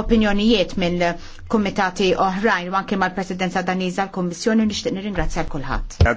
opinjonijiet mill-kumitati oħrajn u anke mal-Presidenza Daniża l-Kommissjoni nixtieq nirringrazzja kulħadd.